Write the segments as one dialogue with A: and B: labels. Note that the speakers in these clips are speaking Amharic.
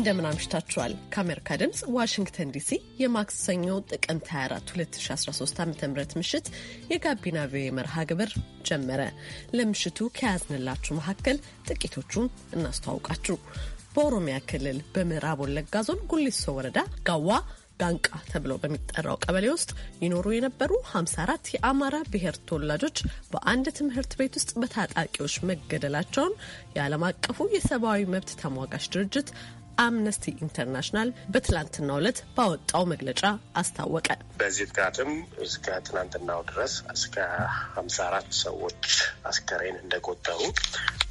A: እንደምን አምሽታችኋል። ከአሜሪካ ድምፅ ዋሽንግተን ዲሲ የማክሰኞ ጥቅምት 24 2013 ዓ ም ምሽት የጋቢና ቪኦኤ መርሃ ግብር ጀመረ። ለምሽቱ ከያዝንላችሁ መካከል ጥቂቶቹን እናስተዋውቃችሁ። በኦሮሚያ ክልል በምዕራብ ወለጋ ዞን ጉሊሶ ወረዳ ጋዋ ጋንቃ ተብሎ በሚጠራው ቀበሌ ውስጥ ይኖሩ የነበሩ 54 የአማራ ብሔር ተወላጆች በአንድ ትምህርት ቤት ውስጥ በታጣቂዎች መገደላቸውን የዓለም አቀፉ የሰብአዊ መብት ተሟጋች ድርጅት አምነስቲ ኢንተርናሽናል በትላንትናው ዕለት ባወጣው መግለጫ አስታወቀ።
B: በዚህ ጥቃትም እስከ ትላንትናው ድረስ እስከ ሀምሳ አራት ሰዎች አስከሬን እንደቆጠሩ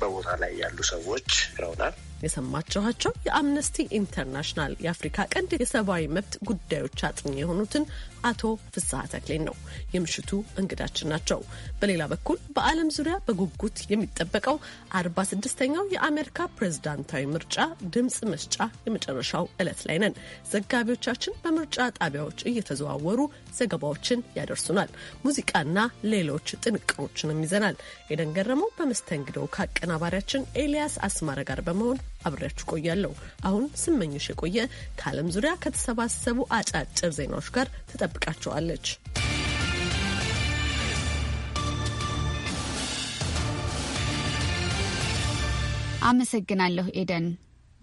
B: በቦታ ላይ ያሉ ሰዎች
A: ይረውናል። የሰማችኋቸው የአምነስቲ ኢንተርናሽናል የአፍሪካ ቀንድ የሰብአዊ መብት ጉዳዮች አጥኚ የሆኑትን አቶ ፍስሐ ተክሌን ነው የምሽቱ እንግዳችን ናቸው። በሌላ በኩል በዓለም ዙሪያ በጉጉት የሚጠበቀው 46ኛው የአሜሪካ ፕሬዝዳንታዊ ምርጫ ድምፅ መስጫ የመጨረሻው ዕለት ላይ ነን። ዘጋቢዎቻችን በምርጫ ጣቢያዎች እየተዘዋወሩ ዘገባዎችን ያደርሱናል። ሙዚቃና ሌሎች ጥንቅሮችንም ይዘናል። ኤደን ገረመው በመስተንግዶው ከአቀናባሪያችን ኤልያስ አስማረ ጋር በመሆን አብሬያችሁ ቆያለሁ። አሁን ስመኝሽ የቆየ ከዓለም ዙሪያ ከተሰባሰቡ አጫጭር ዜናዎች ጋር ትጠብቃቸዋለች።
C: አመሰግናለሁ ኤደን።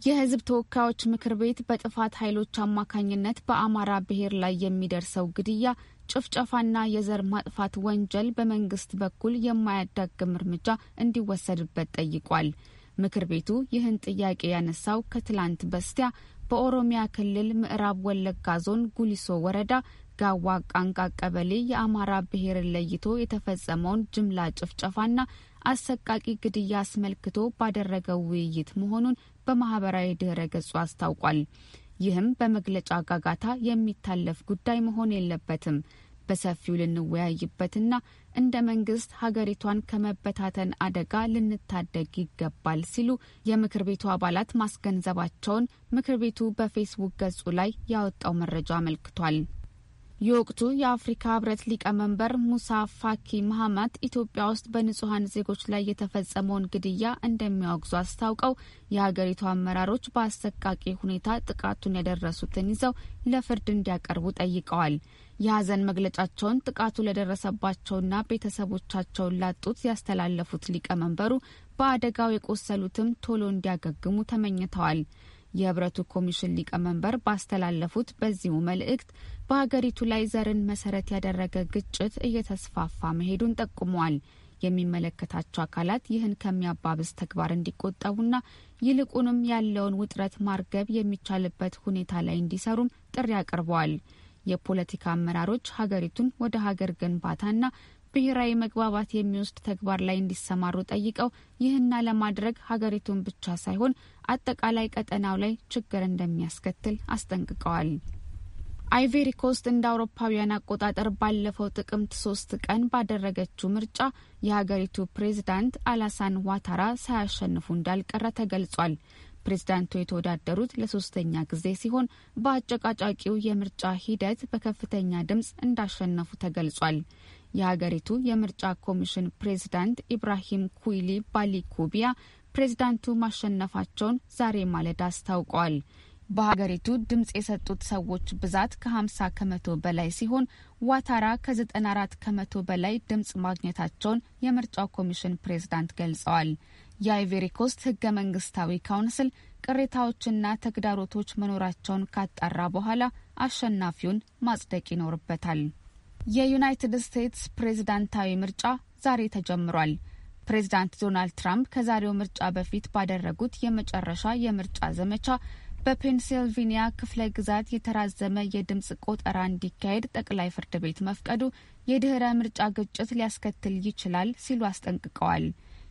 C: የህዝብ ተወካዮች ምክር ቤት በጥፋት ኃይሎች አማካኝነት በአማራ ብሔር ላይ የሚደርሰው ግድያ፣ ጭፍጨፋና የዘር ማጥፋት ወንጀል በመንግስት በኩል የማያዳግም እርምጃ እንዲወሰድበት ጠይቋል። ምክር ቤቱ ይህን ጥያቄ ያነሳው ከትላንት በስቲያ በኦሮሚያ ክልል ምዕራብ ወለጋ ዞን ጉሊሶ ወረዳ ጋዋ ቃንቃ ቀበሌ የአማራ ብሔርን ለይቶ የተፈጸመውን ጅምላ ጭፍጨፋና አሰቃቂ ግድያ አስመልክቶ ባደረገው ውይይት መሆኑን በማህበራዊ ድህረ ገጹ አስታውቋል። ይህም በመግለጫ ጋጋታ የሚታለፍ ጉዳይ መሆን የለበትም። በሰፊው ልንወያይበትና እንደ መንግስት ሀገሪቷን ከመበታተን አደጋ ልንታደግ ይገባል ሲሉ የምክር ቤቱ አባላት ማስገንዘባቸውን ምክር ቤቱ በፌስቡክ ገጹ ላይ ያወጣው መረጃ አመልክቷል። የወቅቱ የአፍሪካ ህብረት ሊቀመንበር ሙሳ ፋኪ መሀማት ኢትዮጵያ ውስጥ በንጹሐን ዜጎች ላይ የተፈጸመውን ግድያ እንደሚያወግዙ አስታውቀው የሀገሪቱ አመራሮች በአሰቃቂ ሁኔታ ጥቃቱን ያደረሱትን ይዘው ለፍርድ እንዲያቀርቡ ጠይቀዋል። የሀዘን መግለጫቸውን ጥቃቱ ለደረሰባቸውና ቤተሰቦቻቸውን ላጡት ያስተላለፉት ሊቀመንበሩ በአደጋው የቆሰሉትም ቶሎ እንዲያገግሙ ተመኝተዋል። የህብረቱ ኮሚሽን ሊቀመንበር ባስተላለፉት በዚሁ መልእክት በሀገሪቱ ላይ ዘርን መሰረት ያደረገ ግጭት እየተስፋፋ መሄዱን ጠቁመዋል። የሚመለከታቸው አካላት ይህን ከሚያባብስ ተግባር እንዲቆጠቡና ይልቁንም ያለውን ውጥረት ማርገብ የሚቻልበት ሁኔታ ላይ እንዲሰሩም ጥሪ አቅርበዋል። የፖለቲካ አመራሮች ሀገሪቱን ወደ ሀገር ግንባታና ብሔራዊ መግባባት የሚወስድ ተግባር ላይ እንዲሰማሩ ጠይቀው ይህና ለማድረግ ሀገሪቱን ብቻ ሳይሆን አጠቃላይ ቀጠናው ላይ ችግር እንደሚያስከትል አስጠንቅቀዋል። አይቬሪ ኮስት እንደ አውሮፓውያን አቆጣጠር ባለፈው ጥቅምት ሶስት ቀን ባደረገችው ምርጫ የሀገሪቱ ፕሬዝዳንት አላሳን ዋታራ ሳያሸንፉ እንዳልቀረ ተገልጿል። ፕሬዝዳንቱ የተወዳደሩት ለሶስተኛ ጊዜ ሲሆን በአጨቃጫቂው የምርጫ ሂደት በከፍተኛ ድምፅ እንዳሸነፉ ተገልጿል። የሀገሪቱ የምርጫ ኮሚሽን ፕሬዝዳንት ኢብራሂም ኩይሊ ባሊኩቢያ ፕሬዝዳንቱ ማሸነፋቸውን ዛሬ ማለዳ አስታውቀዋል። በሀገሪቱ ድምፅ የሰጡት ሰዎች ብዛት ከ50 ከመቶ በላይ ሲሆን ዋታራ ከ94 ከመቶ በላይ ድምፅ ማግኘታቸውን የምርጫው ኮሚሽን ፕሬዝዳንት ገልጸዋል። ኮስት ህገ መንግስታዊ ካውንስል ቅሬታዎችና ተግዳሮቶች መኖራቸውን ካጣራ በኋላ አሸናፊውን ማጽደቅ ይኖርበታል። የዩናይትድ ስቴትስ ፕሬዝዳንታዊ ምርጫ ዛሬ ተጀምሯል። ፕሬዝዳንት ዶናልድ ትራምፕ ከዛሬው ምርጫ በፊት ባደረጉት የመጨረሻ የምርጫ ዘመቻ በፔንሲልቬኒያ ክፍለ ግዛት የተራዘመ የድምፅ ቆጠራ እንዲካሄድ ጠቅላይ ፍርድ ቤት መፍቀዱ የድህረ ምርጫ ግጭት ሊያስከትል ይችላል ሲሉ አስጠንቅቀዋል።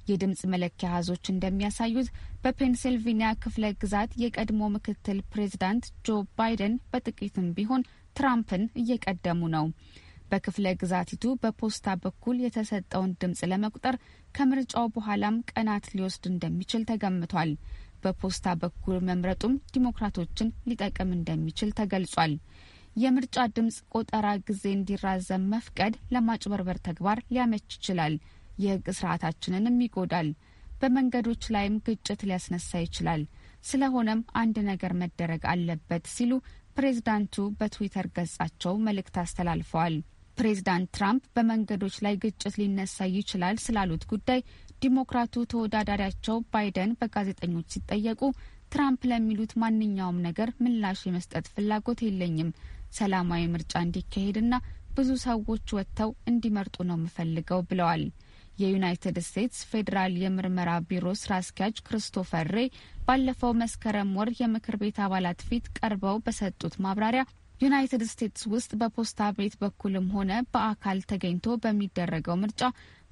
C: የድምፅ መለኪያ አሃዞች እንደሚያሳዩት በፔንሲልቬኒያ ክፍለ ግዛት የቀድሞ ምክትል ፕሬዚዳንት ጆ ባይደን በጥቂትም ቢሆን ትራምፕን እየቀደሙ ነው። በክፍለ ግዛቲቱ በፖስታ በኩል የተሰጠውን ድምፅ ለመቁጠር ከምርጫው በኋላም ቀናት ሊወስድ እንደሚችል ተገምቷል። በፖስታ በኩል መምረጡም ዲሞክራቶችን ሊጠቅም እንደሚችል ተገልጿል። የምርጫ ድምፅ ቆጠራ ጊዜ እንዲራዘም መፍቀድ ለማጭበርበር ተግባር ሊያመች ይችላል። የህግ ስርዓታችንንም ይጎዳል። በመንገዶች ላይም ግጭት ሊያስነሳ ይችላል። ስለሆነም አንድ ነገር መደረግ አለበት ሲሉ ፕሬዝዳንቱ በትዊተር ገጻቸው መልእክት አስተላልፈዋል። ፕሬዝዳንት ትራምፕ በመንገዶች ላይ ግጭት ሊነሳ ይችላል ስላሉት ጉዳይ ዲሞክራቱ ተወዳዳሪያቸው ባይደን በጋዜጠኞች ሲጠየቁ ትራምፕ ለሚሉት ማንኛውም ነገር ምላሽ የመስጠት ፍላጎት የለኝም፣ ሰላማዊ ምርጫ እንዲካሄድና ብዙ ሰዎች ወጥተው እንዲመርጡ ነው የምፈልገው ብለዋል። የዩናይትድ ስቴትስ ፌዴራል የምርመራ ቢሮ ስራ አስኪያጅ ክርስቶፈር ሬ ባለፈው መስከረም ወር የምክር ቤት አባላት ፊት ቀርበው በሰጡት ማብራሪያ ዩናይትድ ስቴትስ ውስጥ በፖስታ ቤት በኩልም ሆነ በአካል ተገኝቶ በሚደረገው ምርጫ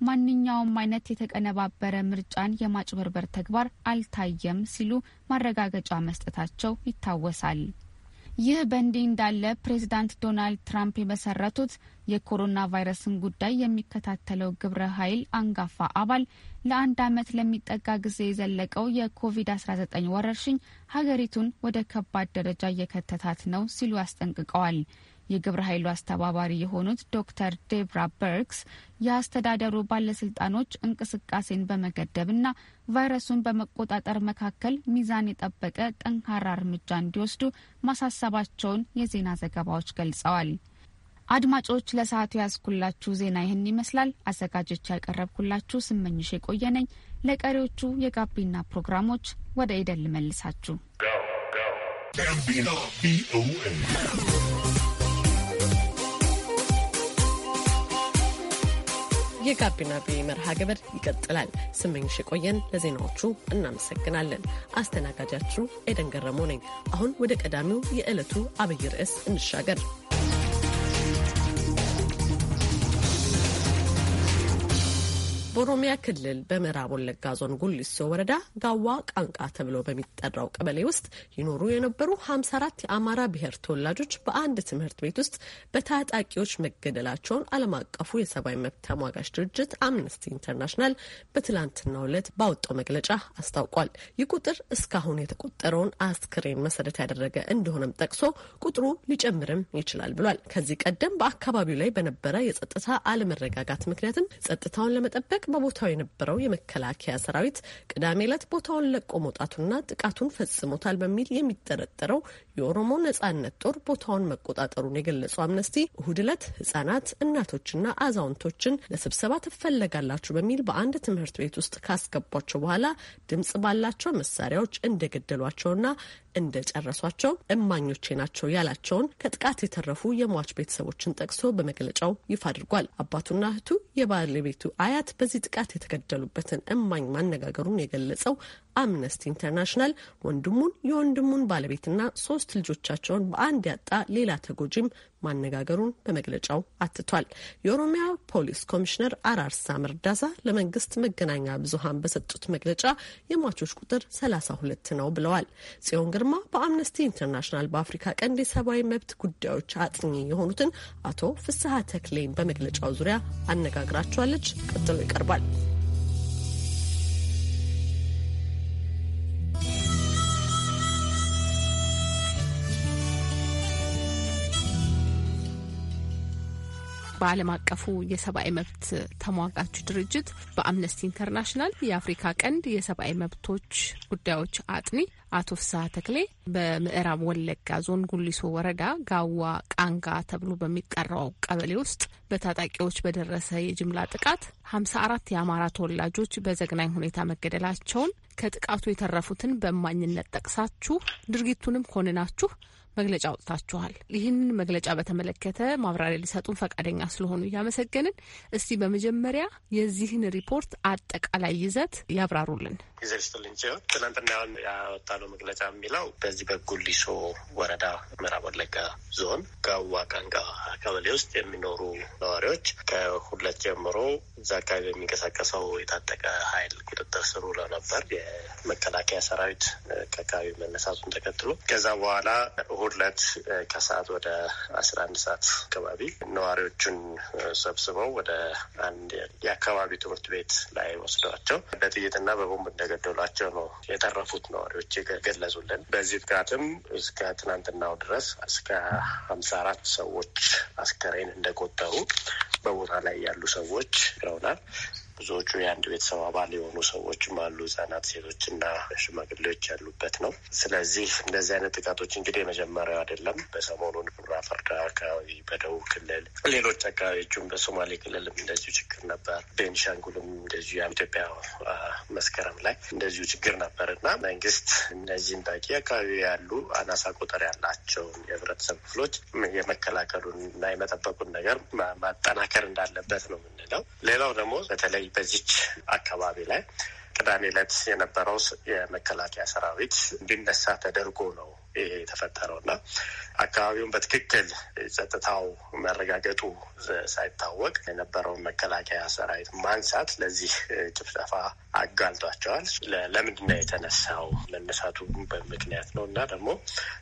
C: ማንኛውም አይነት የተቀነባበረ ምርጫን የማጭበርበር ተግባር አልታየም ሲሉ ማረጋገጫ መስጠታቸው ይታወሳል። ይህ በእንዲህ እንዳለ ፕሬዚዳንት ዶናልድ ትራምፕ የመሰረቱት የኮሮና ቫይረስን ጉዳይ የሚከታተለው ግብረ ኃይል አንጋፋ አባል ለአንድ ዓመት ለሚጠጋ ጊዜ የዘለቀው የኮቪድ-19 ወረርሽኝ ሀገሪቱን ወደ ከባድ ደረጃ እየከተታት ነው ሲሉ አስጠንቅቀዋል። የግብረ ኃይሉ አስተባባሪ የሆኑት ዶክተር ዴብራ በርግስ የአስተዳደሩ ባለስልጣኖች እንቅስቃሴን በመገደብና ቫይረሱን በመቆጣጠር መካከል ሚዛን የጠበቀ ጠንካራ እርምጃ እንዲወስዱ ማሳሰባቸውን የዜና ዘገባዎች ገልጸዋል። አድማጮች ለሰዓቱ ያስኩላችሁ ዜና ይህን ይመስላል። አዘጋጆች ያቀረብኩላችሁ ስመኝሽ የቆየ ነኝ። ለቀሪዎቹ የጋቢና ፕሮግራሞች ወደ ኢደል ልመልሳችሁ።
A: የጋቢና ቪ መርሃ ግብር ይቀጥላል። ስመኝሽ የቆየን ለዜናዎቹ እናመሰግናለን። አስተናጋጃችሁ ኤደን ገረሞ ነኝ። አሁን ወደ ቀዳሚው የዕለቱ አብይ ርዕስ እንሻገር። በኦሮሚያ ክልል በምዕራብ ወለጋ ዞን ጉሊሶ ወረዳ ጋዋ ቃንቃ ተብሎ በሚጠራው ቀበሌ ውስጥ ይኖሩ የነበሩ 54 የአማራ ብሔር ተወላጆች በአንድ ትምህርት ቤት ውስጥ በታጣቂዎች መገደላቸውን ዓለም አቀፉ የሰብአዊ መብት ተሟጋች ድርጅት አምነስቲ ኢንተርናሽናል በትላንትናው ዕለት ባወጣው መግለጫ አስታውቋል። ይህ ቁጥር እስካሁን የተቆጠረውን አስክሬን መሰረት ያደረገ እንደሆነም ጠቅሶ ቁጥሩ ሊጨምርም ይችላል ብሏል። ከዚህ ቀደም በአካባቢው ላይ በነበረ የጸጥታ አለመረጋጋት ምክንያትም ጸጥታውን ለመጠበቅ ሲጠናቀቅ በቦታው የነበረው የመከላከያ ሰራዊት ቅዳሜ ዕለት ቦታውን ለቆ መውጣቱና ጥቃቱን ፈጽሞታል በሚል የሚጠረጠረው የኦሮሞ ነጻነት ጦር ቦታውን መቆጣጠሩን የገለጸው አምነስቲ እሁድ ዕለት ህጻናት፣ እናቶችና አዛውንቶችን ለስብሰባ ትፈለጋላችሁ በሚል በአንድ ትምህርት ቤት ውስጥ ካስገቧቸው በኋላ ድምጽ ባላቸው መሳሪያዎች እንደገደሏቸውና እንደጨረሷቸው እማኞቼ ናቸው ያላቸውን ከጥቃት የተረፉ የሟች ቤተሰቦችን ጠቅሶ በመግለጫው ይፋ አድርጓል። አባቱና እህቱ የባለቤቱ አያት በዚህ ጥቃት የተገደሉበትን እማኝ ማነጋገሩን የገለጸው አምነስቲ ኢንተርናሽናል ወንድሙን የወንድሙን ባለቤትና ሶስት ልጆቻቸውን በአንድ ያጣ ሌላ ተጎጂም ማነጋገሩን በመግለጫው አትቷል። የኦሮሚያ ፖሊስ ኮሚሽነር አራርሳ መርዳሳ ለመንግስት መገናኛ ብዙሀን በሰጡት መግለጫ የሟቾች ቁጥር ሰላሳ ሁለት ነው ብለዋል። ጽዮን ግርማ በአምነስቲ ኢንተርናሽናል በአፍሪካ ቀንድ የሰብአዊ መብት ጉዳዮች አጥኚ የሆኑትን አቶ ፍስሀ ተክሌን በመግለጫው ዙሪያ አነጋግራቸዋለች። ቀጥሎ ይቀርባል።
D: በዓለም አቀፉ የሰብአዊ መብት ተሟጋች ድርጅት በአምነስቲ ኢንተርናሽናል የአፍሪካ ቀንድ የሰብአዊ መብቶች ጉዳዮች አጥኒ አቶ ፍስሀ ተክሌ በምዕራብ ወለጋ ዞን ጉሊሶ ወረዳ ጋዋ ቃንጋ ተብሎ በሚጠራው ቀበሌ ውስጥ በታጣቂዎች በደረሰ የጅምላ ጥቃት ሀምሳ አራት የአማራ ተወላጆች በዘግናኝ ሁኔታ መገደላቸውን ከጥቃቱ የተረፉትን በእማኝነት ጠቅሳችሁ ድርጊቱንም ኮንናችሁ መግለጫ አውጥታችኋል። ይህን መግለጫ በተመለከተ ማብራሪያ ሊሰጡን ፈቃደኛ ስለሆኑ እያመሰገንን፣ እስቲ በመጀመሪያ የዚህን ሪፖርት አጠቃላይ ይዘት ያብራሩልን።
B: ጊዜ ስጥልኝ። ትናንትና ያወጣነው መግለጫ የሚለው በዚህ በጉሊሶ ወረዳ ምዕራብ ወለጋ ዞን ጋዋ ቀንጋ ቀበሌ ውስጥ የሚኖሩ ነዋሪዎች ከሁለት ጀምሮ እዛ አካባቢ የሚንቀሳቀሰው የታጠቀ ኃይል ቁጥጥር ስር ውለው ነበር። የመከላከያ ሰራዊት ከአካባቢ መነሳቱን ተከትሎ ከዛ በኋላ እሑድ ዕለት ከሰዓት ወደ አስራ አንድ ሰዓት አካባቢ ነዋሪዎቹን ሰብስበው ወደ አንድ የአካባቢ ትምህርት ቤት ላይ ወስደዋቸው በጥይትና በቦምብ እንደገደሏቸው ነው የተረፉት ነዋሪዎች የገለጹልን። በዚህ ጥቃትም እስከ ትናንትናው ድረስ እስከ ሀምሳ አራት ሰዎች አስከሬን እንደቆጠሩ በቦታ ላይ ያሉ ሰዎች ይረውናል። ብዙዎቹ የአንድ ቤተሰብ አባል የሆኑ ሰዎችም አሉ። ህጻናት፣ ሴቶችና ሽማግሌዎች ያሉበት ነው። ስለዚህ እንደዚህ አይነት ጥቃቶች እንግዲህ የመጀመሪያው አይደለም። በሰሞኑን ራፈርዳ አካባቢ በደቡብ ክልል፣ ሌሎች አካባቢዎችም በሶማሌ ክልልም እንደዚሁ ችግር ነበር። ቤንሻንጉልም እንደዚሁ የኢትዮጵያ መስከረም ላይ እንደዚሁ ችግር ነበር እና መንግስት እነዚህን ታቂ አካባቢ ያሉ አናሳ ቁጥር ያላቸውን የህብረተሰብ ክፍሎች የመከላከሉን እና የመጠበቁን ነገር ማጠናከር እንዳለበት ነው የምንለው። ሌላው ደግሞ በተለይ በተለይ በዚች አካባቢ ላይ ቅዳሜ ዕለት የነበረው የመከላከያ ሰራዊት እንዲነሳ ተደርጎ ነው የተፈጠረው እና አካባቢውን በትክክል ጸጥታው መረጋገጡ ሳይታወቅ የነበረውን መከላከያ ሰራዊት ማንሳት ለዚህ ጭፍጨፋ አጋልጧቸዋል። ለምንድነው የተነሳው? መነሳቱ በምክንያት ነው እና ደግሞ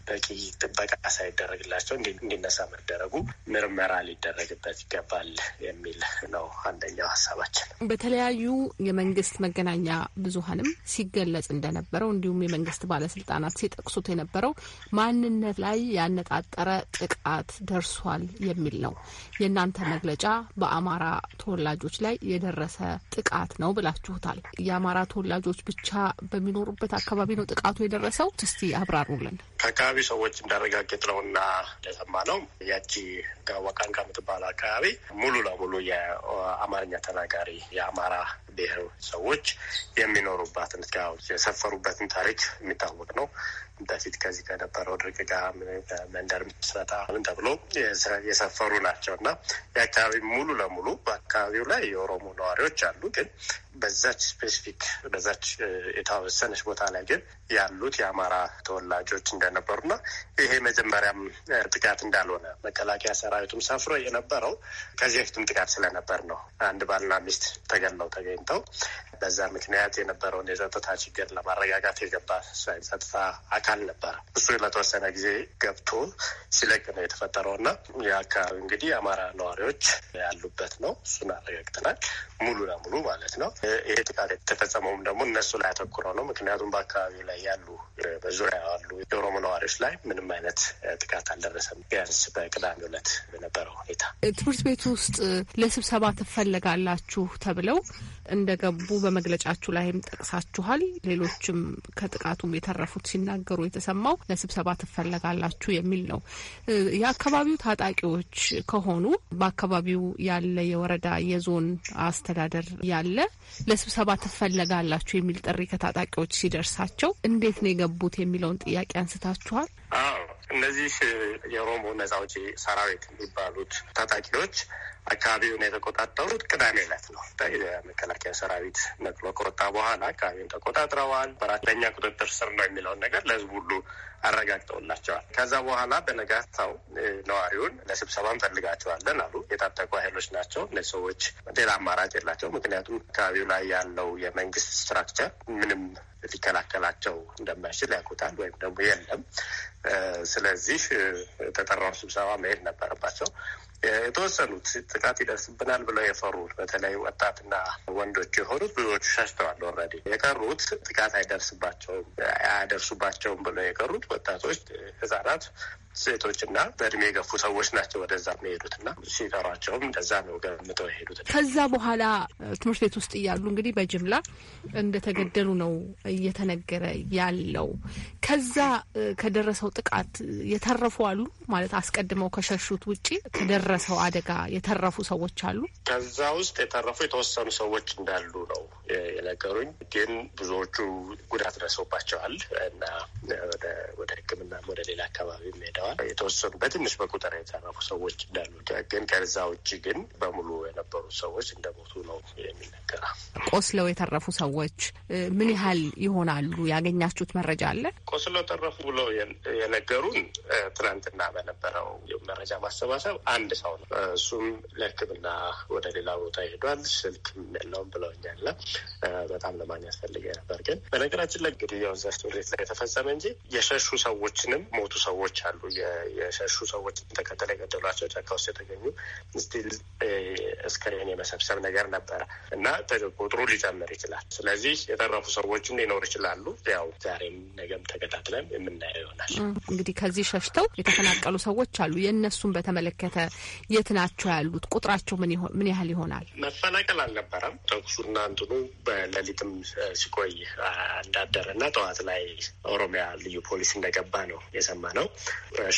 B: በቂ ጥበቃ ሳይደረግላቸው እንዲነሳ መደረጉ ምርመራ ሊደረግበት ይገባል የሚል ነው አንደኛው ሀሳባችን።
D: በተለያዩ የመንግስት መገናኛ ብዙሀንም ሲገለጽ እንደነበረው እንዲሁም የመንግስት ባለስልጣናት ሲጠቅሱት የነበረው ማንነት ላይ ያነጣጠረ ጥቃት ደርሷል የሚል ነው። የእናንተ መግለጫ በአማራ ተወላጆች ላይ የደረሰ ጥቃት ነው ብላችሁታል። የአማራ ተወላጆች ብቻ በሚኖሩበት አካባቢ ነው ጥቃቱ የደረሰው? እስቲ አብራሩልን።
B: ከአካባቢ ሰዎች እንዳረጋገጥ ነው እና እንደሰማ ነው ያቺ ጋዋቃን ከምትባል አካባቢ ሙሉ ለሙሉ የአማርኛ ተናጋሪ የአማራ ብሔር ሰዎች የሚኖሩባት የሰፈሩበትን ታሪክ የሚታወቅ ነው። በፊት ከዚህ ከነበረው ድርቅ ጋር መንደር ምስረታ ምን ተብሎ የሰፈሩ ናቸው እና የአካባቢ ሙሉ ለሙሉ በአካባቢው ላይ የኦሮሞ ነዋሪዎች አሉ ግን በዛች ስፔሲፊክ በዛች የተወሰነች ቦታ ላይ ግን ያሉት የአማራ ተወላጆች እንደነበሩና ይሄ መጀመሪያም ጥቃት እንዳልሆነ መከላከያ ሰራዊቱም ሰፍሮ የነበረው ከዚህ በፊትም ጥቃት ስለነበር ነው። አንድ ባልና ሚስት ተገለው ተገኝተው በዛ ምክንያት የነበረውን የጸጥታ ችግር ለማረጋጋት የገባ ጸጥታ አካል ነበረ። እሱ ለተወሰነ ጊዜ ገብቶ ሲለቅ ነው የተፈጠረው እና የአካባቢ እንግዲህ የአማራ ነዋሪዎች ያሉበት ነው። እሱን አረጋግጠናል ሙሉ ለሙሉ ማለት ነው። ይሄ ጥቃት የተፈጸመውም ደግሞ እነሱ ላይ አተኩረው ነው። ምክንያቱም በአካባቢው ላይ ያሉ በዙሪያ ያሉ የኦሮሞ ነዋሪዎች ላይ ምንም አይነት ጥቃት አልደረሰም። ቢያንስ በቅዳሜ ዕለት በነበረው
D: ሁኔታ ትምህርት ቤት ውስጥ ለስብሰባ ትፈለጋላችሁ ተብለው እንደገቡ በመግለጫችሁ ላይም ጠቅሳችኋል። ሌሎችም ከጥቃቱም የተረፉት ሲናገሩ የተሰማው ለስብሰባ ትፈለጋላችሁ የሚል ነው። የአካባቢው ታጣቂዎች ከሆኑ በአካባቢው ያለ የወረዳ የዞን አስተዳደር ያለ ለስብሰባ ትፈለጋላችሁ የሚል ጥሪ ከታጣቂዎች ሲደርሳቸው እንዴት ነው የገቡት የሚለውን ጥያቄ አንስታችኋል?
B: አዎ እነዚህ የኦሮሞ ነጻ አውጪ ሰራዊት የሚባሉት ታጣቂዎች አካባቢውን የተቆጣጠሩት ቅዳሜ ዕለት ነው። የመከላከያ ሰራዊት ነቅሎ ከወጣ በኋላ አካባቢውን ተቆጣጥረዋል። በራተኛ ቁጥጥር ስር ነው የሚለውን ነገር ለህዝቡ ሁሉ አረጋግጠውላቸዋል። ከዛ በኋላ በነጋታው ነዋሪውን ለስብሰባ እንፈልጋቸዋለን አሉ። የታጠቁ ኃይሎች ናቸው እነዚህ ሰዎች፣ ሌላ አማራጭ የላቸው። ምክንያቱም አካባቢው ላይ ያለው የመንግስት ስትራክቸር ምንም ሊከላከላቸው እንደማይችል ያውቁታል፣ ወይም ደግሞ የለም። ስለዚህ የተጠራውን ስብሰባ መሄድ ነበረባቸው። የተወሰኑት ጥቃት ይደርስብናል ብለው የፈሩት በተለይ ወጣትና ወንዶች የሆኑት ብዙዎቹ ሸሽተዋል። ኦልሬዲ የቀሩት ጥቃት አይደርስባቸውም አያደርሱባቸውም ብለው የቀሩት ወጣቶች፣ ህጻናት፣ ሴቶችና በእድሜ የገፉ ሰዎች ናቸው ወደዛ የሚሄዱት እና ሲፈሯቸውም እንደዛ ነው ገምተው
D: የሄዱት። ከዛ በኋላ ትምህርት ቤት ውስጥ እያሉ እንግዲህ በጅምላ እንደተገደሉ ነው እየተነገረ ያለው። ከዛ ከደረሰው ጥቃት የተረፉ አሉ ማለት አስቀድመው ከሸሹት ውጭ ከደረ ከደረሰው አደጋ የተረፉ ሰዎች አሉ?
B: ከዛ ውስጥ የተረፉ የተወሰኑ ሰዎች እንዳሉ ነው የነገሩኝ። ግን ብዙዎቹ ጉዳት ደርሶባቸዋል እና ወደ ህክምና ወደ ሌላ አካባቢም ሄደዋል። የተወሰኑ በትንሽ በቁጥር የተረፉ ሰዎች እንዳሉ፣ ግን ከዛ ውጭ ግን በሙሉ የነበሩ ሰዎች እንደሞቱ ነው የሚነገረው።
D: ቆስለው የተረፉ ሰዎች ምን ያህል ይሆናሉ? ያገኛችሁት መረጃ አለ? ቆስለው ተረፉ ብለው የነገሩን ትናንትና በነበረው መረጃ
B: ማሰባሰብ አንድ ሰው ነው። እሱም ለሕክምና ወደ ሌላ ቦታ ይሄዷል። ስልክ የለውም ብለውኛል። በጣም ለማን ያስፈልገ ነበር። ግን በነገራችን ላይ እንግዲህ ያው እዛ ላይ የተፈጸመ እንጂ የሸሹ ሰዎችንም ሞቱ ሰዎች አሉ። የሸሹ ሰዎች ተከተለ የገደሏቸው ጫካ ውስጥ የተገኙ ስቲል እስክሬን የመሰብሰብ ነገር ነበረ እና ቁጥሩ ሊጨምር ይችላል። ስለዚህ የተረፉ ሰዎችም ሊኖሩ ይችላሉ። ያው ዛሬም ነገም ተከታትለን የምናየው ይሆናል።
D: እንግዲህ ከዚህ ሸሽተው የተፈናቀሉ ሰዎች አሉ። የእነሱን በተመለከተ የት ናቸው ያሉት? ቁጥራቸው ምን ያህል ይሆናል?
B: መፈናቀል አልነበረም። ተኩሱና እንትኑ በሌሊትም ሲቆይ እንዳደረና ጠዋት ላይ ኦሮሚያ ልዩ ፖሊስ እንደገባ ነው የሰማ ነው።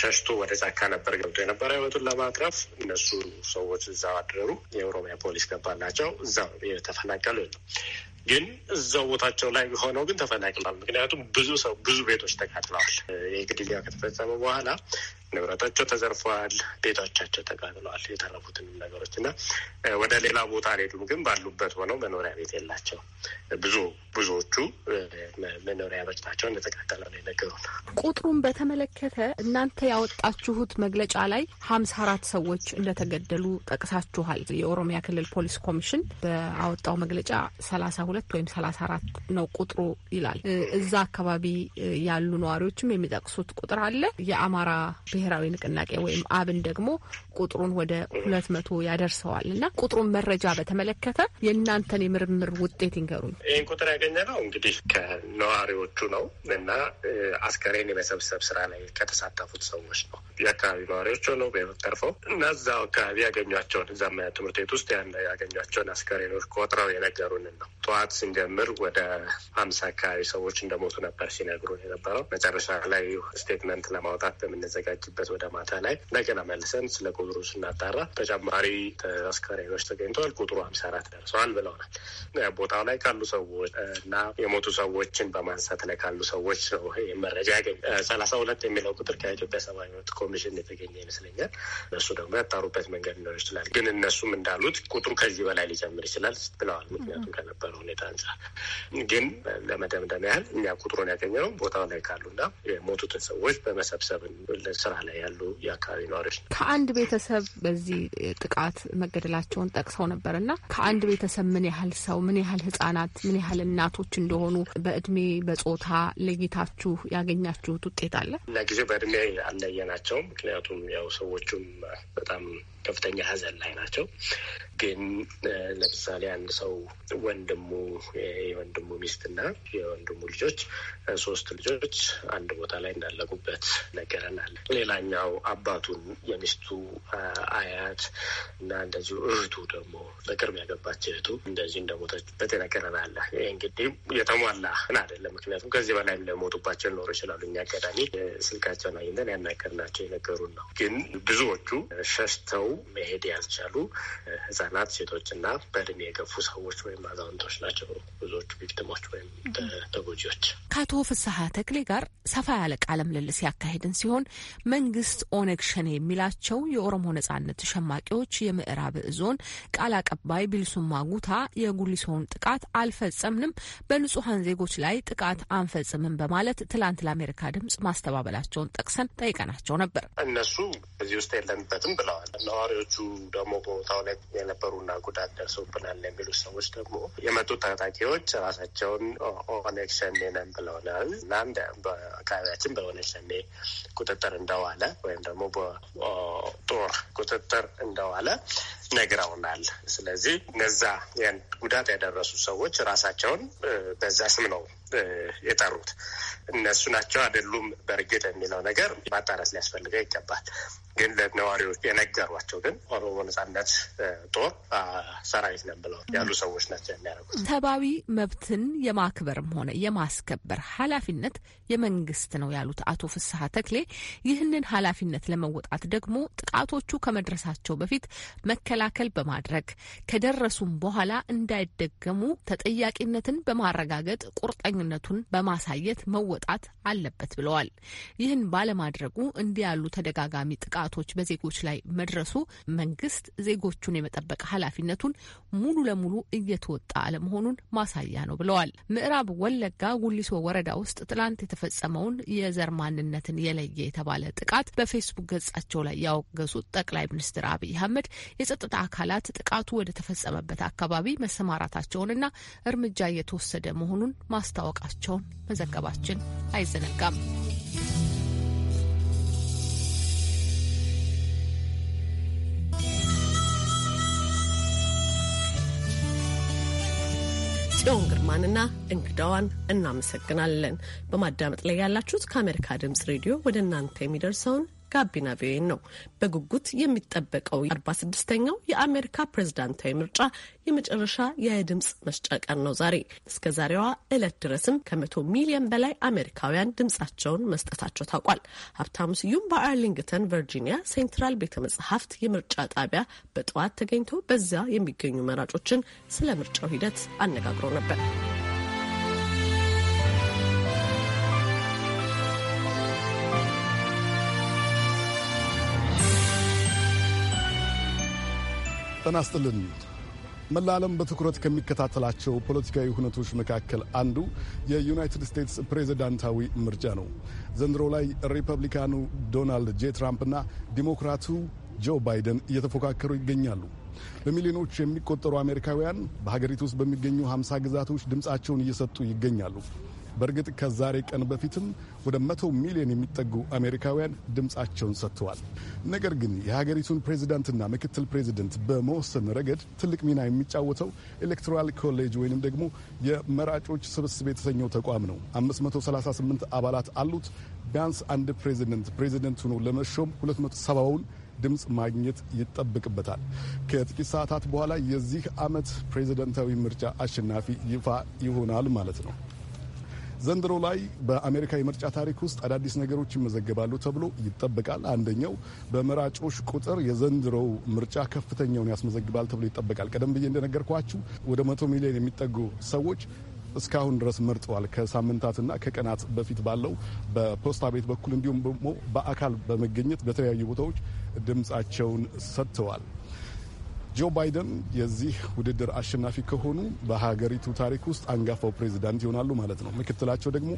B: ሸሽቶ ወደ ጫካ ነበር ገብቶ የነበረ ህይወቱን ለማትረፍ እነሱ ሰዎች እዛው አደሩ። የኦሮሚያ ፖሊስ ገባላቸው። እዛው የተፈናቀሉ ግን እዛው ቦታቸው ላይ ሆነው ግን ተፈናቅለዋል። ምክንያቱም ብዙ ሰው ብዙ ቤቶች ተቃጥለዋል። ግድያ ከተፈጸመ በኋላ ንብረታቸው ተዘርፈዋል፣ ቤቶቻቸው ተቃጥለዋል። የተረፉትንም ነገሮች እና ወደ ሌላ ቦታ አልሄዱም፣ ግን ባሉበት ሆነው መኖሪያ ቤት የላቸው ብዙ ብዙዎቹ መኖሪያ ቤታቸው እንደተቃጠለ ነው
D: የነገሩን። ቁጥሩን በተመለከተ እናንተ ያወጣችሁት መግለጫ ላይ ሀምሳ አራት ሰዎች እንደተገደሉ ጠቅሳችኋል። የኦሮሚያ ክልል ፖሊስ ኮሚሽን በአወጣው መግለጫ ሰላሳ ሁለት ወይም ሰላሳ አራት ነው ቁጥሩ ይላል። እዛ አካባቢ ያሉ ነዋሪዎችም የሚጠቅሱት ቁጥር አለ የአማራ ብሔራዊ ንቅናቄ ወይም አብን ደግሞ ቁጥሩን ወደ ሁለት መቶ ያደርሰዋል እና ቁጥሩን መረጃ በተመለከተ የእናንተን የምርምር ውጤት ይንገሩኝ።
B: ይህን ቁጥር ያገኘ ነው እንግዲህ ከነዋሪዎቹ ነው እና አስከሬን የመሰብሰብ ስራ ላይ ከተሳተፉት ሰዎች ነው። የአካባቢ ነዋሪዎች ሆነው በህይወት እና እዛው አካባቢ ያገኟቸውን እዛም ትምህርት ቤት ውስጥ ያ ያገኟቸውን አስከሬኖች ቆጥረው የነገሩንን ነው። ጠዋት ስንጀምር ወደ ሀምሳ አካባቢ ሰዎች እንደሞቱ ነበር ሲነግሩን የነበረው። መጨረሻ ላይ ስቴትመንት ለማውጣት በምንዘጋጅ በምንደርስበት ወደ ማታ ላይ እንደገና መልሰን ስለ ቁጥሩ ስናጣራ ተጨማሪ አስከሬኖች ተገኝተዋል። ቁጥሩ ሀምሳ አራት ደርሰዋል ብለውናል። ቦታው ላይ ካሉ ሰዎች እና የሞቱ ሰዎችን በማንሳት ላይ ካሉ ሰዎች ነው ይህ መረጃ ያገኝ ሰላሳ ሁለት የሚለው ቁጥር ከኢትዮጵያ ሰብአዊ መብት ኮሚሽን የተገኘ ይመስለኛል። እነሱ ደግሞ ያጣሩበት መንገድ ሊኖር ይችላል። ግን እነሱም እንዳሉት ቁጥሩ ከዚህ በላይ ሊጨምር ይችላል ብለዋል። ምክንያቱም ከነበረው ሁኔታ አንጻር ግን ለመደምደም ያህል እኛ ቁጥሩን ያገኘነው ቦታው ላይ ካሉና የሞቱትን ሰዎች በመሰብሰብ ስራ ላይ ያሉ የአካባቢ ነዋሪዎች ነው።
D: ከአንድ ቤተሰብ በዚህ ጥቃት መገደላቸውን ጠቅሰው ነበር እና ከአንድ ቤተሰብ ምን ያህል ሰው ምን ያህል ህጻናት ምን ያህል እናቶች እንደሆኑ በእድሜ በጾታ ለይታችሁ ያገኛችሁት ውጤት አለ?
B: ለጊዜው በእድሜ አልለየናቸውም። ምክንያቱም ያው ሰዎቹም በጣም ከፍተኛ ሀዘን ላይ ናቸው። ግን ለምሳሌ አንድ ሰው ወንድሙ የወንድሙ ሚስት ሚስትና የወንድሙ ልጆች ሶስት ልጆች አንድ ቦታ ላይ እንዳለቁበት ነገረናል። ሌላኛው አባቱን የሚስቱ አያት እና እንደዚሁ እህቱ ደግሞ በቅርብ ያገባች እህቱ እንደዚህ እንደሞተችበት ይነገረናል። ይህ እንግዲህ የተሟላ አይደለም። ምክንያቱም ከዚህ በላይ እንደሞቱባቸው ሊኖሩ ይችላሉ። እኛ አጋጣሚ ስልካቸውን አግኝተን ያናገርናቸው የነገሩን ነው። ግን ብዙዎቹ ሸሽተው መሄድ ያልቻሉ ህጻናት፣ ሴቶችና በእድሜ የገፉ ሰዎች ወይም አዛውንቶች ናቸው ብዙዎቹ ቪክቲሞች ወይም ተጎጂዎች።
D: ከአቶ ፍስሀ ተክሌ ጋር ሰፋ ያለ ቃለ ምልልስ ያካሄድን ሲሆን መንግስት ኦነግ ሸኔ የሚላቸው የኦሮሞ ነጻነት ሸማቂዎች የምዕራብ ዞን ቃል አቀባይ ቢልሱማ ጉታ የጉሊሶውን ጥቃት አልፈጸምንም፣ በንጹሐን ዜጎች ላይ ጥቃት አንፈጽምም በማለት ትላንት ለአሜሪካ ድምጽ ማስተባበላቸውን ጠቅሰን ጠይቀናቸው ነበር።
B: እነሱ እዚህ ውስጥ የለንበትም ብለዋል። ነዋሪዎቹ ደግሞ በቦታው ላይ የነበሩና ጉዳት ደርሶብናል የሚሉት ሰዎች ደግሞ የመጡ ታጣቂዎች ራሳቸውን ኦነግ ሸኔ ነን ብለውናል እና አካባቢያችን በኦነግ ሸኔ ቁጥጥር እንደዋለ ወይም ደግሞ በጦር ቁጥጥር እንደዋለ ነግረውናል። ስለዚህ እነዛ ጉዳት ያደረሱ ሰዎች ራሳቸውን በዛ ስም ነው የጠሩት እነሱ ናቸው አይደሉም በእርግጥ የሚለው ነገር ማጣራት ሊያስፈልገው ይገባል። ግን ለነዋሪዎች የነገሯቸው ግን ኦሮሞ ነጻነት ጦር ሰራዊት ነን ብለው ያሉ ሰዎች ናቸው የሚያደርጉት።
D: ሰብአዊ መብትን የማክበርም ሆነ የማስከበር ኃላፊነት የመንግስት ነው ያሉት አቶ ፍስሀ ተክሌ ይህንን ኃላፊነት ለመወጣት ደግሞ ጥቃቶቹ ከመድረሳቸው በፊት መከላከል በማድረግ ከደረሱም በኋላ እንዳይደገሙ ተጠያቂነትን በማረጋገጥ ቁርጠኝነቱን በማሳየት መወጣት አለበት ብለዋል። ይህን ባለማድረጉ እንዲህ ያሉ ተደጋጋሚ ጥቃቶች በዜጎች ላይ መድረሱ መንግስት ዜጎቹን የመጠበቅ ኃላፊነቱን ሙሉ ለሙሉ እየተወጣ አለመሆኑን ማሳያ ነው ብለዋል። ምዕራብ ወለጋ ጉሊሶ ወረዳ ውስጥ ትላንት የፈጸመውን የዘር ማንነትን የለየ የተባለ ጥቃት በፌስቡክ ገጻቸው ላይ ያወገዙት ጠቅላይ ሚኒስትር አብይ አህመድ የጸጥታ አካላት ጥቃቱ ወደ ተፈጸመበት አካባቢ መሰማራታቸውንና እርምጃ እየተወሰደ መሆኑን ማስታወቃቸውን መዘገባችን አይዘነጋም።
A: ጽዮን ግርማንና እንግዳዋን እናመሰግናለን። በማዳመጥ ላይ ያላችሁት ከአሜሪካ ድምፅ ሬዲዮ ወደ እናንተ የሚደርሰውን ጋቢና ቪኦኤ ነው። በጉጉት የሚጠበቀው የአርባ ስድስተኛው የአሜሪካ ፕሬዝዳንታዊ ምርጫ የመጨረሻ የድምፅ መስጫ ቀን ነው ዛሬ። እስከ ዛሬዋ ዕለት ድረስም ከመቶ ሚሊዮን በላይ አሜሪካውያን ድምፃቸውን መስጠታቸው ታውቋል። ሀብታሙ ስዩም በአርሊንግተን ቨርጂኒያ ሴንትራል ቤተ መጽሐፍት የምርጫ ጣቢያ በጠዋት ተገኝቶ በዚያ የሚገኙ መራጮችን ስለ ምርጫው ሂደት አነጋግሮ ነበር።
E: ጤና ይስጥልን። መላ ዓለም በትኩረት ከሚከታተላቸው ፖለቲካዊ ሁነቶች መካከል አንዱ የዩናይትድ ስቴትስ ፕሬዚዳንታዊ ምርጫ ነው። ዘንድሮ ላይ ሪፐብሊካኑ ዶናልድ ጄ ትራምፕና ዲሞክራቱ ጆ ባይደን እየተፎካከሩ ይገኛሉ። በሚሊዮኖች የሚቆጠሩ አሜሪካውያን በሀገሪቱ ውስጥ በሚገኙ 50 ግዛቶች ድምፃቸውን እየሰጡ ይገኛሉ። በእርግጥ ከዛሬ ቀን በፊትም ወደ መቶ ሚሊዮን የሚጠጉ አሜሪካውያን ድምፃቸውን ሰጥተዋል። ነገር ግን የሀገሪቱን ፕሬዚዳንትና ምክትል ፕሬዚደንት በመወሰን ረገድ ትልቅ ሚና የሚጫወተው ኤሌክቶራል ኮሌጅ ወይንም ደግሞ የመራጮች ስብስብ የተሰኘው ተቋም ነው። 538 አባላት አሉት። ቢያንስ አንድ ፕሬዚደንት ፕሬዚደንት ሆኖ ለመሾም 270ውን ድምፅ ማግኘት ይጠብቅበታል። ከጥቂት ሰዓታት በኋላ የዚህ ዓመት ፕሬዚደንታዊ ምርጫ አሸናፊ ይፋ ይሆናል ማለት ነው። ዘንድሮ ላይ በአሜሪካ የምርጫ ታሪክ ውስጥ አዳዲስ ነገሮች ይመዘገባሉ ተብሎ ይጠበቃል። አንደኛው በመራጮች ቁጥር የዘንድሮው ምርጫ ከፍተኛውን ያስመዘግባል ተብሎ ይጠበቃል። ቀደም ብዬ እንደነገርኳችሁ ወደ መቶ ሚሊዮን የሚጠጉ ሰዎች እስካሁን ድረስ መርጠዋል። ከሳምንታትና ከቀናት በፊት ባለው በፖስታ ቤት በኩል እንዲሁም ደግሞ በአካል በመገኘት በተለያዩ ቦታዎች ድምፃቸውን ሰጥተዋል። ጆ ባይደን የዚህ ውድድር አሸናፊ ከሆኑ በሀገሪቱ ታሪክ ውስጥ አንጋፋው ፕሬዚዳንት ይሆናሉ ማለት ነው። ምክትላቸው ደግሞ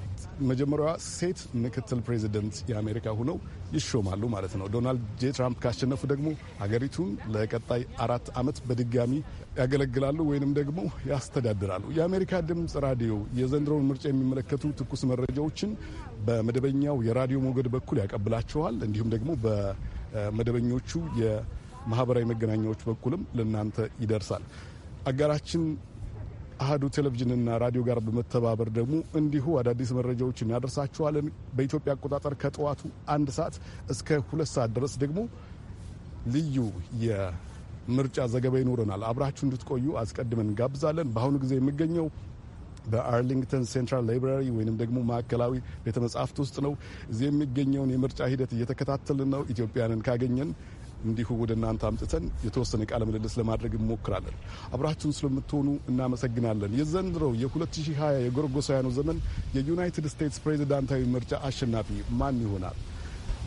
E: መጀመሪያዋ ሴት ምክትል ፕሬዚደንት የአሜሪካ ሆነው ይሾማሉ ማለት ነው። ዶናልድ ጄ ትራምፕ ካሸነፉ ደግሞ ሀገሪቱን ለቀጣይ አራት ዓመት በድጋሚ ያገለግላሉ ወይንም ደግሞ ያስተዳድራሉ። የአሜሪካ ድምፅ ራዲዮ የዘንድሮውን ምርጫ የሚመለከቱ ትኩስ መረጃዎችን በመደበኛው የራዲዮ ሞገድ በኩል ያቀብላቸዋል። እንዲሁም ደግሞ በመደበኞቹ ማህበራዊ መገናኛዎች በኩልም ለእናንተ ይደርሳል። አጋራችን አህዱ ቴሌቪዥንና ራዲዮ ጋር በመተባበር ደግሞ እንዲሁ አዳዲስ መረጃዎች እናደርሳችኋለን። በኢትዮጵያ አቆጣጠር ከጠዋቱ አንድ ሰዓት እስከ ሁለት ሰዓት ድረስ ደግሞ ልዩ የምርጫ ዘገባ ይኖረናል። አብራችሁ እንድትቆዩ አስቀድመን እንጋብዛለን። በአሁኑ ጊዜ የሚገኘው በአርሊንግተን ሴንትራል ላይብራሪ ወይንም ደግሞ ማዕከላዊ ቤተ መጻሕፍት ውስጥ ነው። እዚህ የሚገኘውን የምርጫ ሂደት እየተከታተልን ነው። ኢትዮጵያንን ካገኘን እንዲሁ ወደ እናንተ አምጥተን የተወሰነ ቃለ ምልልስ ለማድረግ እንሞክራለን። አብራችሁን ስለምትሆኑ እናመሰግናለን። የዘንድሮው የ2020 የጎርጎሳውያኑ ዘመን የዩናይትድ ስቴትስ ፕሬዚዳንታዊ ምርጫ አሸናፊ ማን ይሆናል?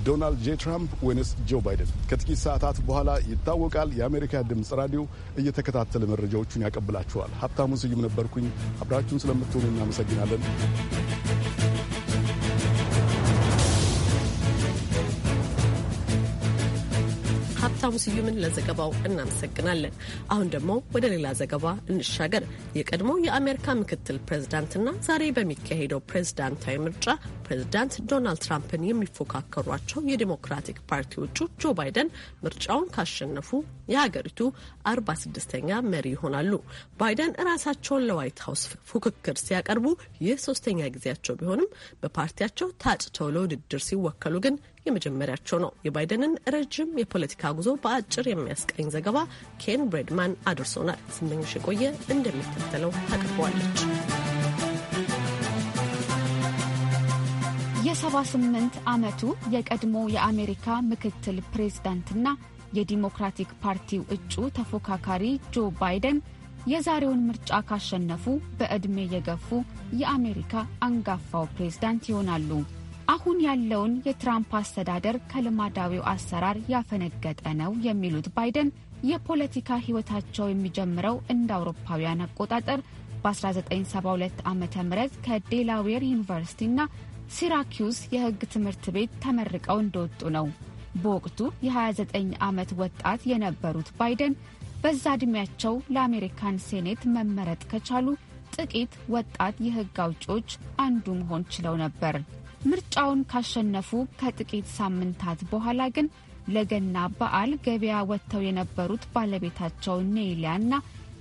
E: ዶናልድ ጄ ትራምፕ ወይንስ ጆ ባይደን? ከጥቂት ሰዓታት በኋላ ይታወቃል። የአሜሪካ ድምፅ ራዲዮ እየተከታተለ መረጃዎቹን ያቀብላችኋል። ሀብታሙን ስዩም ነበርኩኝ። አብራችሁን ስለምትሆኑ እናመሰግናለን።
A: ሀብታሙ ስዩምን ለዘገባው እናመሰግናለን። አሁን ደግሞ ወደ ሌላ ዘገባ እንሻገር። የቀድሞው የአሜሪካ ምክትል ፕሬዝዳንትና ዛሬ በሚካሄደው ፕሬዝዳንታዊ ምርጫ ፕሬዝዳንት ዶናልድ ትራምፕን የሚፎካከሯቸው የዴሞክራቲክ ፓርቲ ጆ ባይደን ምርጫውን ካሸነፉ የሀገሪቱ አርባ ስድስተኛ መሪ ይሆናሉ። ባይደን ራሳቸውን ለዋይት ሀውስ ፉክክር ሲያቀርቡ ይህ ሶስተኛ ጊዜያቸው ቢሆንም በፓርቲያቸው ታጭተው ለውድድር ሲወከሉ ግን የመጀመሪያቸው ነው። የባይደንን ረጅም የፖለቲካ ጉዞ በአጭር የሚያስቀኝ ዘገባ ኬን ብሬድማን አድርሶናል። ስመኝሽ የቆየ እንደሚከተለው ታቀርበዋለች።
C: የ78 ዓመቱ የቀድሞ የአሜሪካ ምክትል ፕሬዝዳንትና የዲሞክራቲክ ፓርቲው እጩ ተፎካካሪ ጆ ባይደን የዛሬውን ምርጫ ካሸነፉ በዕድሜ የገፉ የአሜሪካ አንጋፋው ፕሬዝዳንት ይሆናሉ። አሁን ያለውን የትራምፕ አስተዳደር ከልማዳዊው አሰራር ያፈነገጠ ነው የሚሉት ባይደን የፖለቲካ ሕይወታቸው የሚጀምረው እንደ አውሮፓውያን አቆጣጠር በ1972 ዓ ም ከዴላዌር ዩኒቨርሲቲና ሲራኪዩስ የሕግ ትምህርት ቤት ተመርቀው እንደወጡ ነው። በወቅቱ የ29 ዓመት ወጣት የነበሩት ባይደን በዛ ዕድሜያቸው ለአሜሪካን ሴኔት መመረጥ ከቻሉ ጥቂት ወጣት የሕግ አውጪዎች አንዱ መሆን ችለው ነበር። ምርጫውን ካሸነፉ ከጥቂት ሳምንታት በኋላ ግን ለገና በዓል ገበያ ወጥተው የነበሩት ባለቤታቸው እና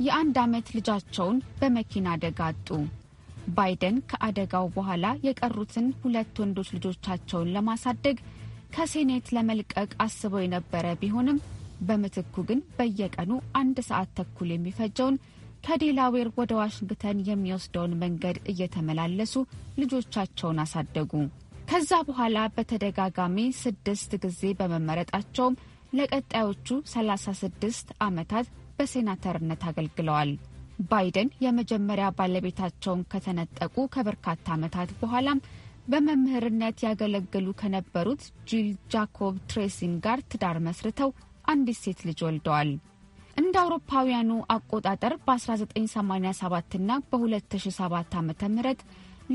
C: የአንድ ዓመት ልጃቸውን በመኪና አደጋ አጡ። ባይደን ከአደጋው በኋላ የቀሩትን ሁለት ወንዶች ልጆቻቸውን ለማሳደግ ከሴኔት ለመልቀቅ አስበው የነበረ ቢሆንም በምትኩ ግን በየቀኑ አንድ ሰዓት ተኩል የሚፈጀውን ከዴላዌር ወደ ዋሽንግተን የሚወስደውን መንገድ እየተመላለሱ ልጆቻቸውን አሳደጉ። ከዛ በኋላ በተደጋጋሚ ስድስት ጊዜ በመመረጣቸውም ለቀጣዮቹ 36 ዓመታት በሴናተርነት አገልግለዋል። ባይደን የመጀመሪያ ባለቤታቸውን ከተነጠቁ ከበርካታ ዓመታት በኋላም በመምህርነት ያገለገሉ ከነበሩት ጂል ጃኮብ ትሬሲን ጋር ትዳር መስርተው አንዲት ሴት ልጅ ወልደዋል። እንደ አውሮፓውያኑ አቆጣጠር በ1987ና በ2007 ዓ ም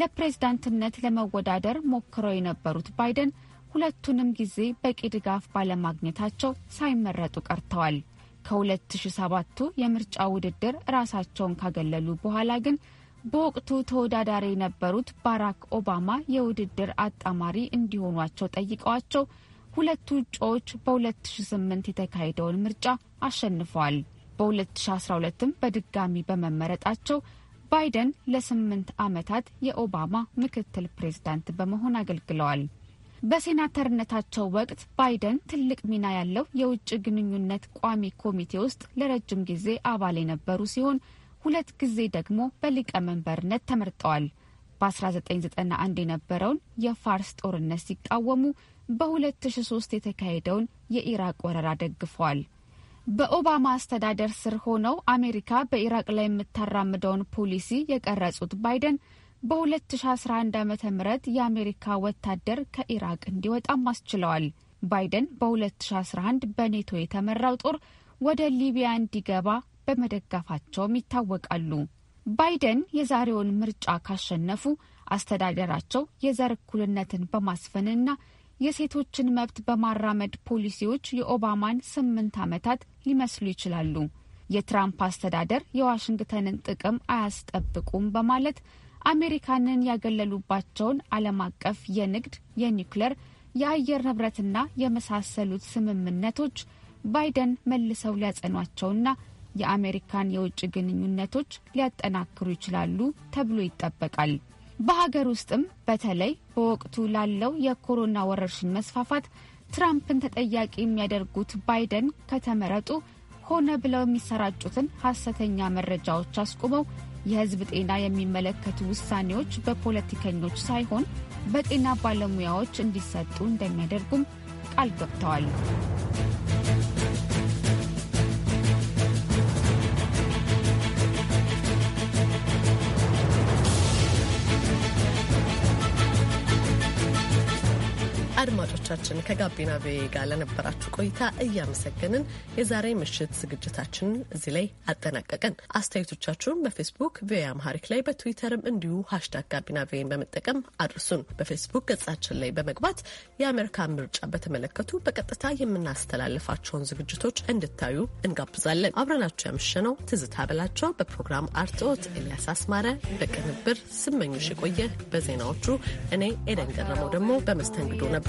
C: ለፕሬዝዳንትነት ለመወዳደር ሞክረው የነበሩት ባይደን ሁለቱንም ጊዜ በቂ ድጋፍ ባለማግኘታቸው ሳይመረጡ ቀርተዋል። ከ2007ቱ የምርጫ ውድድር ራሳቸውን ካገለሉ በኋላ ግን በወቅቱ ተወዳዳሪ የነበሩት ባራክ ኦባማ የውድድር አጣማሪ እንዲሆኗቸው ጠይቀዋቸው ሁለቱ እጩዎች በ2008 የተካሄደውን ምርጫ አሸንፈዋል። በ2012ም በድጋሚ በመመረጣቸው ባይደን ለስምንት ዓመታት የኦባማ ምክትል ፕሬዝዳንት በመሆን አገልግለዋል። በሴናተርነታቸው ወቅት ባይደን ትልቅ ሚና ያለው የውጭ ግንኙነት ቋሚ ኮሚቴ ውስጥ ለረጅም ጊዜ አባል የነበሩ ሲሆን ሁለት ጊዜ ደግሞ በሊቀመንበርነት ተመርጠዋል። በ1991 የነበረውን የፋርስ ጦርነት ሲቃወሙ በ2003 የተካሄደውን የኢራቅ ወረራ ደግፈዋል። በኦባማ አስተዳደር ስር ሆነው አሜሪካ በኢራቅ ላይ የምታራምደውን ፖሊሲ የቀረጹት ባይደን በ2011 ዓ ም የአሜሪካ ወታደር ከኢራቅ እንዲወጣም አስችለዋል። ባይደን በ2011 በኔቶ የተመራው ጦር ወደ ሊቢያ እንዲገባ በመደጋፋቸውም ይታወቃሉ። ባይደን የዛሬውን ምርጫ ካሸነፉ አስተዳደራቸው የዘር እኩልነትን በማስፈንና የሴቶችን መብት በማራመድ ፖሊሲዎች የኦባማን ስምንት ዓመታት ሊመስሉ ይችላሉ። የትራምፕ አስተዳደር የዋሽንግተንን ጥቅም አያስጠብቁም በማለት አሜሪካንን ያገለሉባቸውን ዓለም አቀፍ የንግድ፣ የኒውክለር፣ የአየር ንብረትና የመሳሰሉት ስምምነቶች ባይደን መልሰው ሊያጸኗቸውና የአሜሪካን የውጭ ግንኙነቶች ሊያጠናክሩ ይችላሉ ተብሎ ይጠበቃል። በሀገር ውስጥም በተለይ በወቅቱ ላለው የኮሮና ወረርሽኝ መስፋፋት ትራምፕን ተጠያቂ የሚያደርጉት ባይደን ከተመረጡ ሆነ ብለው የሚሰራጩትን ሀሰተኛ መረጃዎች አስቁመው የህዝብ ጤና የሚመለከቱ ውሳኔዎች በፖለቲከኞች ሳይሆን በጤና ባለሙያዎች እንዲሰጡ እንደሚያደርጉም ቃል ገብተዋል።
A: አድማጮቻችን ከጋቢና ቤ ጋር ለነበራችሁ ቆይታ እያመሰገንን የዛሬ ምሽት ዝግጅታችንን እዚህ ላይ አጠናቀቅን። አስተያየቶቻችሁን በፌስቡክ ቪኦኤ አምሃሪክ ላይ በትዊተርም እንዲሁ ሀሽታግ ጋቢና ቪኦኤን በመጠቀም አድርሱን። በፌስቡክ ገጻችን ላይ በመግባት የአሜሪካን ምርጫ በተመለከቱ በቀጥታ የምናስተላልፋቸውን ዝግጅቶች እንድታዩ እንጋብዛለን። አብረናችሁ ያመሸነው ትዝታ በላቸው፣ በፕሮግራም አርትኦት ኤልያስ አስማረ፣ በቅንብር ስመኞሽ የቆየ፣ በዜናዎቹ እኔ ኤደን ገረመው ደግሞ በመስተንግዶ ነበር።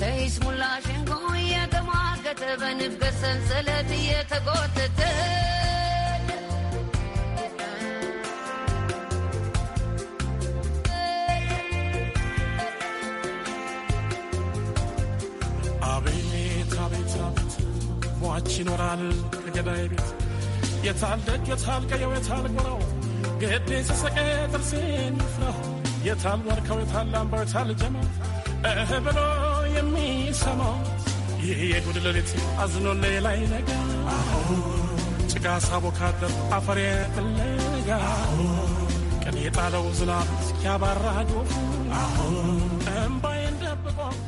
C: ከይስሙላ ሸንጎ እየተሟገተ በንበት ሰንሰለት እየተጎተተ
B: አቤት አቤት አቤት ሟች ይኖራል
E: ከገዳይ ቤት የታል ደጅ የታል ቀየው የታል ጎራው ገዴ ሰሰቀ ጥርሴን ይፍራው የታል ወርከው የታል ላምባው የታል ጀማ እህ ብሎ የሚሰማው ይህ የጉድ ሌሊት አዝኖ ሌላይ ነጋ
B: ጭቃ ሳቦ ካደር አፈር ፍለጋ ቀን የጣለው ዝናብ እስኪያባራ ጎፉ